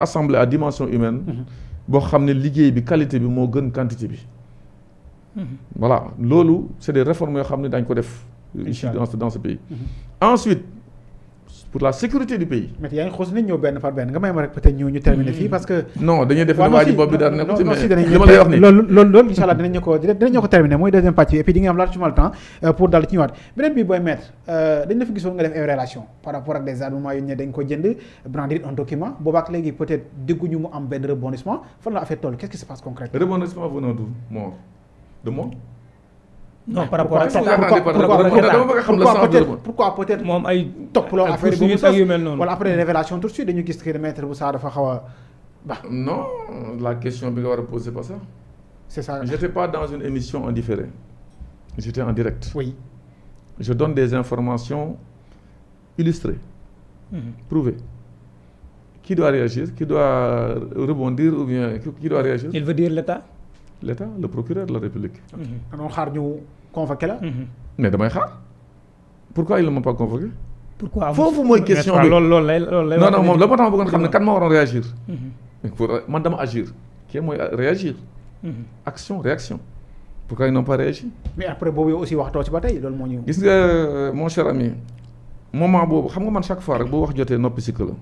assemblée à dimension humaine mhm. boo xam ne liggéey bi qualité bi moo gën quantité bi mhm. voilà loolu c'est des réformes yoo xam ne dañ ko def ici dans ce pays mhm. ensuite pour la sécurité du pays. mais yaa ngi xoos nit ñëw benn par benn nga may ma rek peut-être ñëw ñu terminer fii hmm. parce que. non dañuy def waa ji boobu daal nekk ci allah dinañu ko ko terminer mooy deuxième partie euh, pour daal ci ñëwaat beneen bi booy maître euh, dañ la fi gisoon nga def évaluation par rapport ak des armements yu ne dañ ko jënd brandir un document boobaak léegi peut-être mu am benn rebondissement fan la affaire toll quest se passe non par rapport ak pourquoi peut être moom ay topploo affaire bi ak yu mel noonu de suite dañu gis que maître Boussa dafa ba non la question bi nga war a poser pas ça c'est ça j'étais pas dans une émission en différé j'étais en direct je donne des informations illustrées mhm. prouvées qui doit réagir qui doit rebondir ou bien qui doit il veut dire l' état le procureur de la république. ok xaar ñu convoqué la. Mhm. mais damay xaar pourquoi il ne m'a pas convoqué. pourquoi foofu mooy question bi loolu loolu lay loolu lay non non moom xam ne kan moo mhm. man dama agir kii mooy réagir. Mhm. action réaction. pourquoi ils mais après boobu aussi waxtoo ci ba tey loolu moo ñëw. gis nga euh, mon boobu xam nga man chaque fois rek boo wax jotee noppi si këram.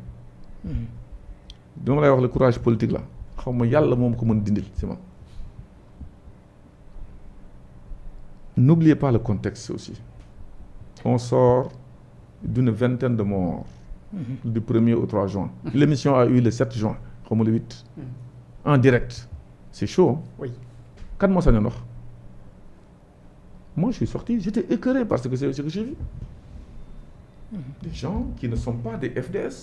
dama lay wax le courage politique la xaw ma yàlla moom ko mën dindil si man. N'oubliez pas le contexte aussi. On sort d'une vingtaine de morts mm -hmm. du 1er au juin. L'émission a eu le 7 juin, comme le 8, mhm. en direct. C'est chaud. Hein? Oui. Quatre mois, ça n'y Moi, je suis sorti, j'étais écœuré parce que c'est ce que j'ai vu. Mhm. Des gens qui ne sont pas des FDS,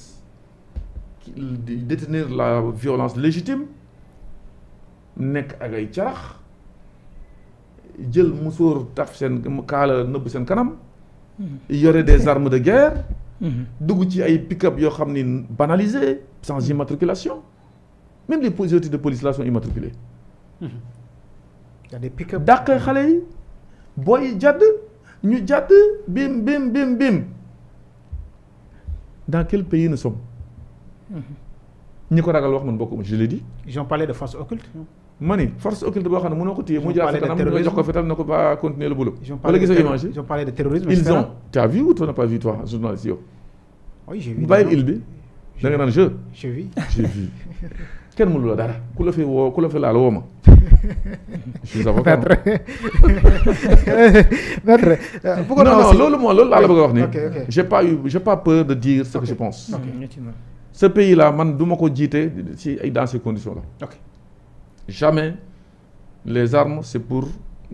détenir la violence légitime, nek à jël musóor taf seen kaala nëbb seen kanam mhm. yore des armes de guerre mhm. dugg ci ay pick-up yoo xam ni banalisé sans mhm. immatriculation même les autorités de police là sont immatriculées dàq xale yi booy jàdd ñu jàdd bim bim bim dans quel pays nous sommes ñi ko ragal wax man bokkuma je l'ai dit. ils ont parlé de force occulte. ma ni force occulte boo xam ne mënoo ko téye mu jaar sa kanam nga jox ko fetal na ko ba continuer le boulot. wala gisoo image ils ont parlé ils ont tu as vu ou tu n'as pas vu journaliste yow. oui j'ai vu bàyyil il bi je. j'ai vu j'ai vu la dara ku la fi woo ku la fi laal je suis avocat euh, non loolu moo loolu laa la bëgg a wax ni j'ai pas eu j'ai pas peur de dire ce que je pense. ce pays là man duma ko jiite si ay dans ces conditions là. ok jamais les armes c'est pour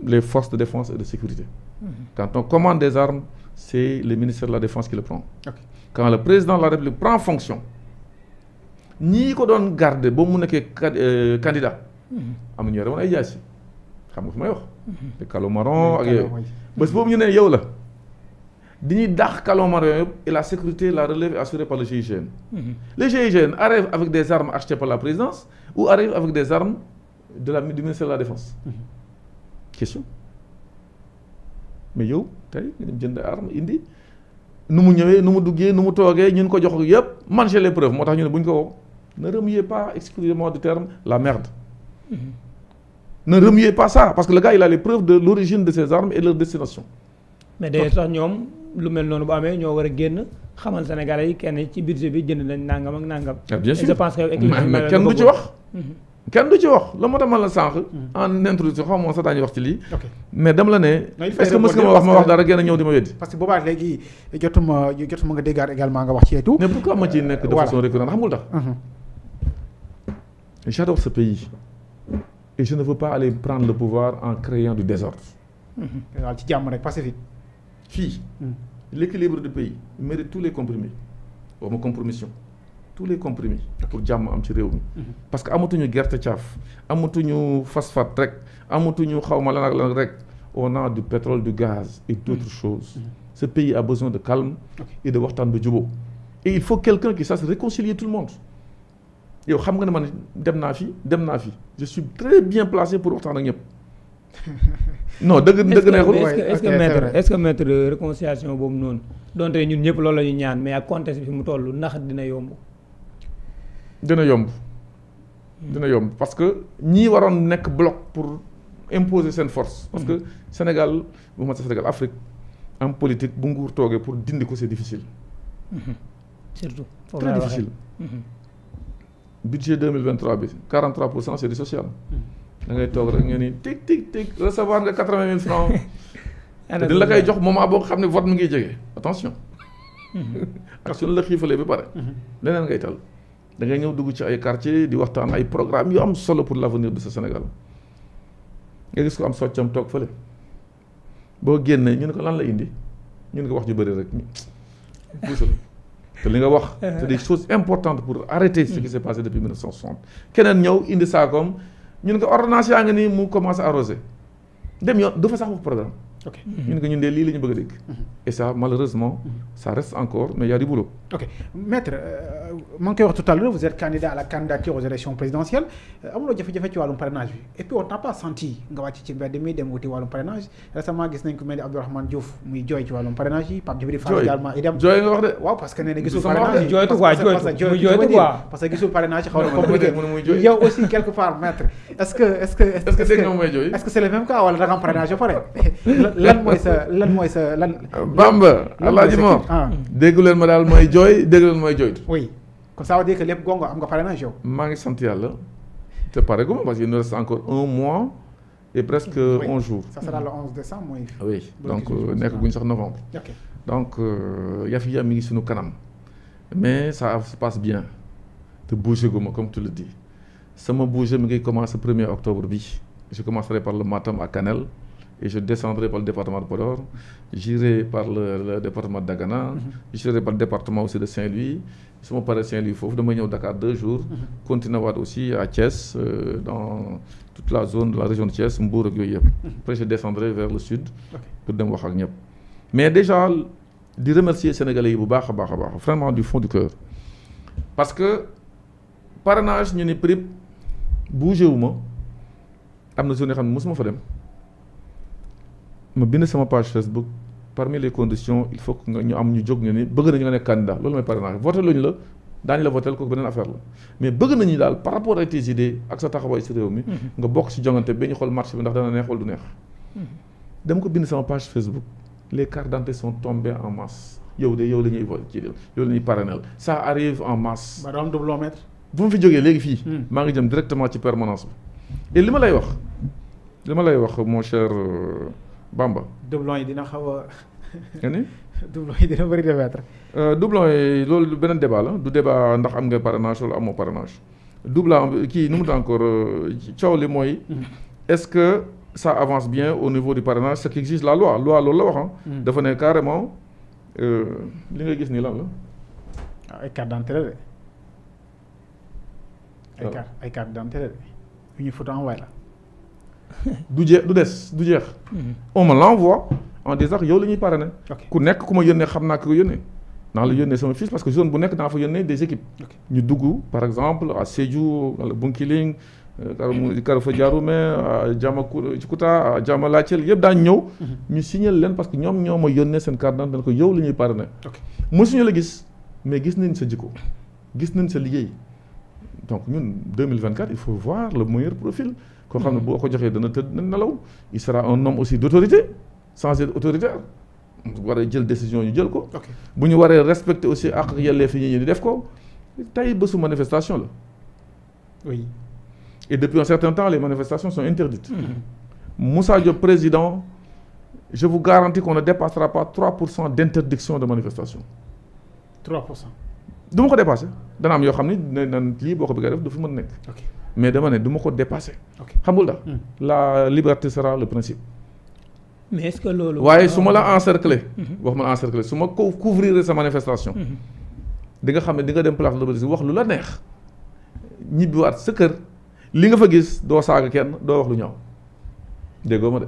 les forces de défense et de sécurité. Mmh. quand commande des armes c'est le ministère de la défense qui le prend. Okay. quand le président de la république prend fonction ñii ko doon garde ba mu nekkee euh, candidat. Mhm. am na ñu yore woon ay jaasi xam nga fu may wax. te mhm. kalo marron ak yooyu bés boobu ñu ne yow la. di ñuy dàq Kalomarion yëpp et la sécurité la relève est assurée par le GIGN. Mhm. le GIGN arrive avec des armes achetées par la présidence ou arrive avec des armes de la du ministère la défense. Mhm. mais yow tey nga dem jënd arme indi nu mu ñëwee nu mu duggee nu mu toogee ñun ko jox yëpp man j'ai les preuves moo tax ñu ne bu ñu ko woo ne remuez pas excusez-moi du terme la merde. Mhm. ne remuez pas ça parce que le gars il a les preuves de l'origine de ces armes et leur ñoom. lu mel noonu bu amee ñoo war a génn xamal Sénégalais yi kenn ci budget bi jënd nañ nangam ak nangam. Ah, bien sûr je pense que mhm. kenn du ci wax. kenn du ci wax la moo tax la sànq. Mhm. en introduction xaw ma sa daañu wax ci lii. mais dama la ne. est-ce que mës nga ma wax ma wax dara gën a ñëw di ma weddi. parce que boobaa léegi jotuma jotuma nga ci mhm. pays. jàmm rek fii hmm. l'équilibre du pays mérite tous les compromis waxuma compromission tous les compromis pour jàmm am ci réew mi hmm. parce que amatuñu gerte caaf amatuñu phosphate rek amatuñu xawma lan la lan rek on a du pétrole du gaz et hmm. d'autres choses ce pays a besoin de calme et de waxtaan bi jubóo et il faut quelqu'un qui sache réconcilier tout le monde yow xam nga ne man dem naa fi dem naa fi je suis très bien placé pour waxtaan ak ñëpp non dëgg dëgg neexul est ce que maître est ce que maître boobu noonu donte ñun ñëpp loolu la ñu ñaan mais ak contexte bi mu toll nax dina yomb dina yomb dina yomb parce que ñii waroon nekk bloc pour imposer seen force parce que mhm. Sénégal bu ma Sénégal Afrique en politique bu nguur toogee pour dindi ko c'est difficile mhm. surtout très difficile mhm. budget 2023 bi 43 pour cent c'est du social da ngay toog rek nga ni tig tig tig recevoir nga quatre vingt mille francs te dina la koy jox moment boo xam ne vote mi ngi jege attention. Hmm. ak suñu la xiifalee ba pare. Hmm. leneen ngay tal da ngay ñëw dugg ci ay quartier di waxtaan ay programme yu am solo pour l' avenir sa ce Sénégal nga gis ko am soccam toog fële boo génnee ñu ne ko lan la indi ñu ne ko wax ju bëri rek puusal te li nga wax. c'est des choses importantes pour arrêter ce qui s'est passé depuis 1960 keneen ñëw indi saakoom. ñun nga ordonnance yaa ngi nii mu commencé arrosé dem yoon du fa sax wax programme ok ñun nga ñun de lii la ñu bëgg a dégg. Mhm. et ça malheureusement. Mhm. ça reste encore mais y a du boulot. ok maître euh, maa ngi koy wax tout à l'heure vous êtes candidat à la candidature aux élections présidentielles euh, amuloo jafe-jafe ci wàllum parrainage bi et puis on n'a pas senti nga wàcc ci mbedd mi dem wuti wàllum parrainage récemment gis nañ ko mel ni Abdourahmane Diouf muy jooy ci wàllum parrainage yi Pape Djibril Fall également idem jooy nga wax de waaw parce que nee na gisul parrainage yi jooytu quoi jooytu muy jooytu quoi parce que gisul parrainage yi xaw na compliqué yow aussi quelque part maître est-ce que est-ce que est-ce que est-ce que c'est le même cas wala da nga am parrainage ba pare lan mooy sa lan mooy sa lan. Bamba alaaji Mor. Ah. déggu leen ma daal mooy jooy déggu leen mooy jooytu. oui kon ça veut dire que lépp gongo am nga pare na yow. maa ngi sant yàlla te pare gu ma parce que il nous reste encore un mois et presque oui. un jour. ça sera le 11 décembre mooy. Ah oui donc nekk guñ sax novembre. ok donc euh, yaf yi mi ngi suñu kanam. mais sa se passe bien te bougé gu ma comme tu le dis sama bougé mi ngi commencé premier octobre bi je commencerai par le Matam Kanel. et je descendrai par le département de Podor, j'irai par le, le, département de Dagana, mhm. j'irai par le département aussi de Saint-Louis. su ma paree Saint-Louis foofu damay ñëw Dakar deux jours. Mhm. continué waat aussi à Thiès euh, dans toute la zone de la région de Thiès Mbour ak yooyu yëpp. Mhm. après je descendrai vers le sud. pour dem wax ak ñëpp. mais déjà di remercier sénégalais yi bu baax a baax a baax vraiment du fond du cœur parce que parrainage ñu ne prip bougé wu ma am na zone yoo mosuma fa ma bind sama page Facebook parmi les conditions il faut que nga ñu am ñu jóg nga ni bëgg nañu nga ne candidat loolu mooy parrainage voté luñu la daañu la voté kooku beneen affaire la mais bëgg nañu daal par rapport ak tes idées ak sa taxawaay si réew mi. Mhm. nga bokk si jongante ba ñu xool marché bi ndax dana neex du neex. Mhm. dama ko bind sama page Facebook les cartes d'identité sont tombées en masse yow de yow la ñuy voté yow la ñuy parrainel ça arrive en masse. ba ma fi jógee léegi fii. Hmm. maa ngi jëm directement ci permanence bi. li ma lay wax lay wax mon cher. Euh, Bamba. doublon yi dina xaw a. nga ni. doublon yi dina bëri débattre. Euh, doublon yi loolu beneen débat la du débat ndax am nga parrainage wala amoo parrainage doublon kii nu mu tudd encore euh, coow li mooy. Mm-hmm. est-ce que ça avance bien au niveau du parrainage ce qu'exige la loi loi loolu la wax mm. dafa ne carrément euh, li nga gis nii lan la. waaw ah, ay carte d'identité de. ay ah. carte ay carte d'identité de ñu photo envoyé la. du jeex du des du jeex. Hmm. on me l'envoie en disant yow la na parrainé. ku nekk ku ma yónnee xam naa ko yónnee. naa la hmm. yónnee sama fiche parce que zone bu nekk naa fa yónnee des équipes. ñu dugg par exemple à Sédhiou wala Bunkiling. Euh, Karafa hmm. Diaroume à Diamacour Diakuta à Diama Lathie yëpp daañu ñëw. ñu signal leen parce que ñoom ñoo ma yónnee seen carte d'identité ko yow la ñuy parrainé. mosuñu la gis mais gis nañ sa jikko gis nañ sa liggéey donc ñun 2024 il faut voir le meilleur profil. koo xam ne boo ko joxee dana tëdd na nelaw il sera un homme aussi d' autorité autoritaire war a jël décision ñu jël ko bu ñu waree respecter aussi ak yelleef yi ñi di def ko tey bésu manifestation la oui et depuis un certain temps les manifestations sont interdites mm-hmm. Moussa président je vous garantis qu'on ne dépassera pas 3 pour cent d' interdiction de manifestation 3 pour cent du ma ko dépassé dana am yoo xam ne dinañ naan lii boo ko bëggee def du fi mën nekk mais dama ne du ma ko dépasser. xamul la hmm. la liberté sera le principe. mais est-ce que loolu. waaye su ma la encercler. Hmm. wax ma la encercler su ma ko couvrir sa manifestation. Hmm. di nga xam ne di nga dem place de l'Obélisque wax lu la neex ñibbiwaat sa kër li nga fa gis doo saaga kenn doo wax lu ñaaw. déggoo ma de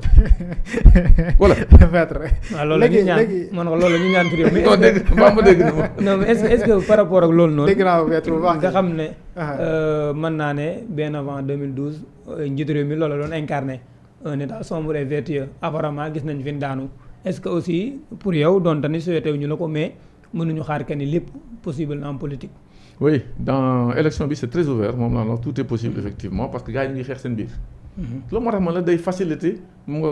voilà. maître ah, léegi léegi man loolu la ñu ñaan ci réew mi. non dégg mbaa ma dégg na ma. non mais est ce que noonu. bu baax nga xam ne. Ah. Euh, mën naa ne benn avant 2012 euh, njiitu réew mi loolu la doon incarné un état sombre et vertueux gis nañ fi daanu est ce que aussi pour yow doon tani souhaité wu ñu la ko mais mënuñu xaar que ni lépp possible na en politique. oui dans élection bi c' est très ouvert moom laa wax tout est possible effectivement parce que gars yi ñu ngi xeex seen biir. loolu moo tax man la day facilité mu nga